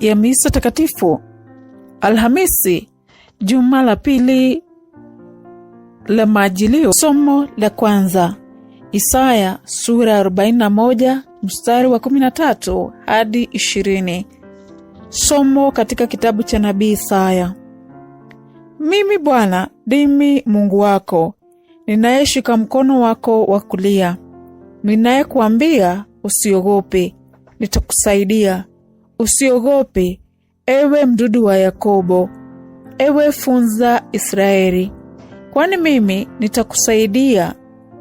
ya misa takatifu Alhamisi, juma la pili la Majilio. Somo la kwanza Isaya sura 41 mstari wa 13 hadi 20. Somo katika kitabu cha nabii Isaya. Mimi Bwana ndimi Mungu wako ninayeshika mkono wako wa kulia, ninayekuambia usiogope, nitakusaidia, Usiogope, ewe mdudu wa Yakobo, ewe funza Israeli, kwani mimi nitakusaidia,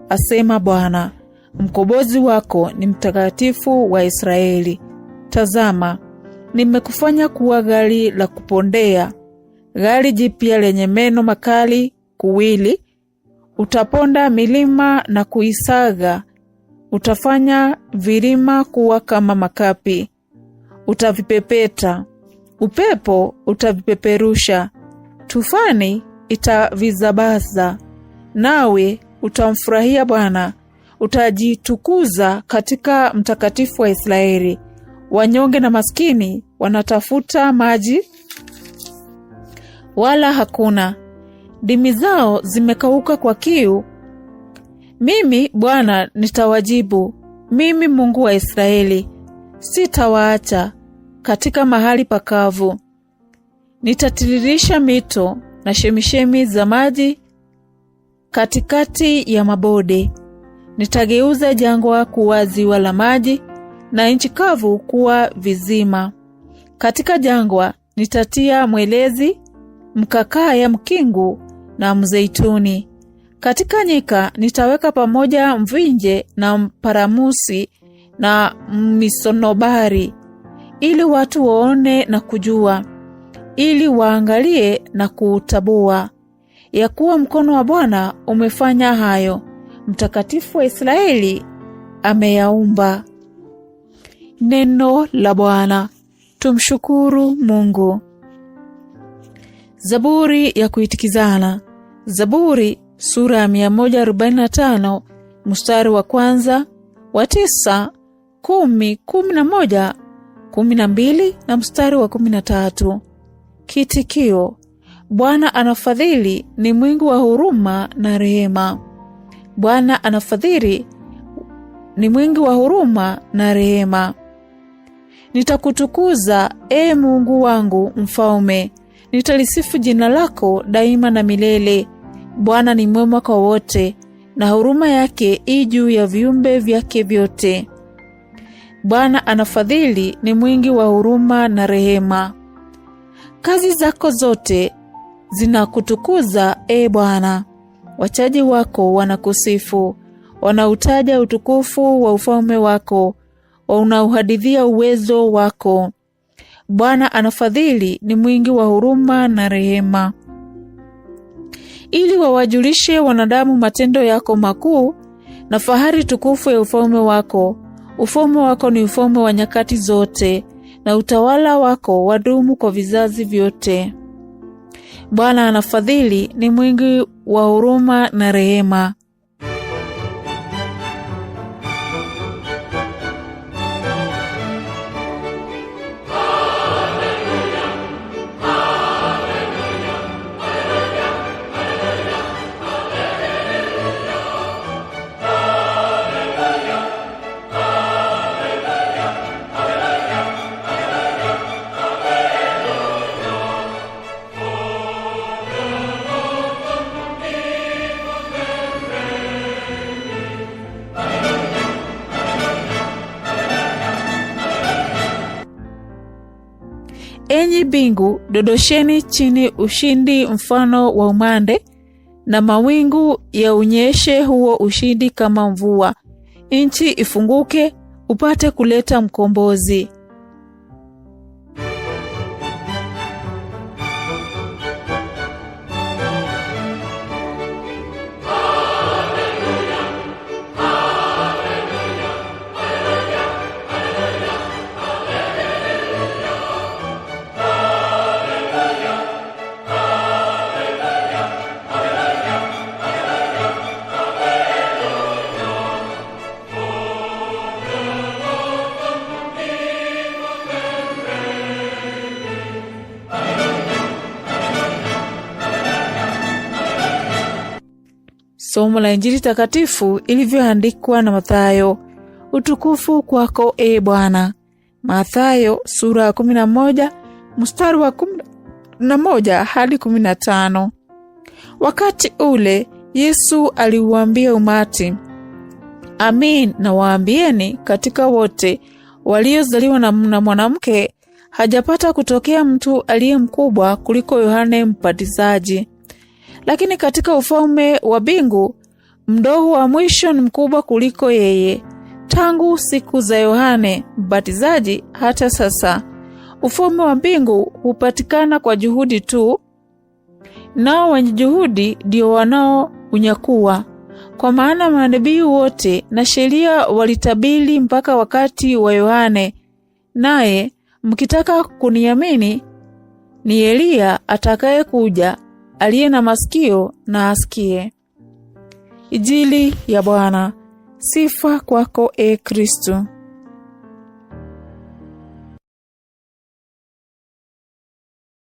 asema Bwana. Mkombozi wako ni mtakatifu wa Israeli. Tazama, nimekufanya kuwa gari la kupondea, gari jipya lenye meno makali kuwili. Utaponda milima na kuisaga, utafanya vilima kuwa kama makapi utavipepeta, upepo utavipeperusha, tufani itavizabaza. Nawe utamfurahia Bwana, utajitukuza katika Mtakatifu wa Israeli. Wanyonge na maskini wanatafuta maji, wala hakuna; dimi zao zimekauka kwa kiu. Mimi Bwana nitawajibu, mimi Mungu wa Israeli sitawaacha katika mahali pakavu. Nitatiririsha mito na shemishemi za maji katikati ya mabode. Nitageuza jangwa kuwa ziwa la maji na nchi kavu kuwa vizima. Katika jangwa nitatia mwelezi, mkakaya, mkingu na mzeituni. Katika nyika nitaweka pamoja mvinje na mparamusi na misonobari ili watu waone na kujua, ili waangalie na kuutabua, ya kuwa mkono wa Bwana umefanya hayo, mtakatifu wa Israeli ameyaumba. Neno la Bwana. Tumshukuru Mungu. Zaburi ya kuitikizana. Zaburi sura ya 145 mstari wa kwanza, wa tisa, kumi, kumi na moja 12 na mstari wa 13. Kitikio: Bwana anafadhili, ni mwingi wa huruma na rehema. Bwana anafadhili, ni mwingi wa huruma na rehema. Nitakutukuza e Mungu wangu mfalme, nitalisifu jina lako daima na milele. Bwana ni mwema kwa wote, na huruma yake i juu ya viumbe vyake vyote. Bwana anafadhili, ni mwingi wa huruma na rehema. Kazi zako zote zinakutukuza e Bwana, wachaji wako wanakusifu, wanautaja utukufu wa ufalme wako, wanauhadithia uwezo wako. Bwana anafadhili, ni mwingi wa huruma na rehema, ili wawajulishe wanadamu matendo yako makuu na fahari tukufu ya ufalme wako Ufalme wako ni ufalme wa nyakati zote, na utawala wako wadumu kwa vizazi vyote. Bwana anafadhili, ni mwingi wa huruma na rehema, Enyi mbingu, dodosheni chini ushindi mfano wa umande, na mawingu unyeshe huo ushindi kama mvua. Nchi ifunguke upate kuleta mkombozi. Somo la Injili takatifu ilivyoandikwa na Mathayo. Utukufu kwako e Bwana. Mathayo sura ya kumi na moja mstari wa kumi na moja hadi kumi na tano. Wakati ule Yesu aliuambia umati, amin nawaambieni, katika wote waliozaliwa na mwanamke hajapata kutokea mtu aliye mkubwa kuliko Yohane Mbatizaji, lakini katika ufalme wa mbingu mdogo wa mwisho ni mkubwa kuliko yeye. Tangu siku za Yohane Mbatizaji hata sasa, ufalme wa mbingu hupatikana kwa juhudi tu, nao wenye juhudi ndio unyakuwa. Kwa maana manabii wote na sheria walitabiri mpaka wakati wa Yohane, naye mkitaka kuniamini, ni Eliya atakaye kuja aliye na masikio na asikie. Ijili ya Bwana. Sifa kwako, e Kristo.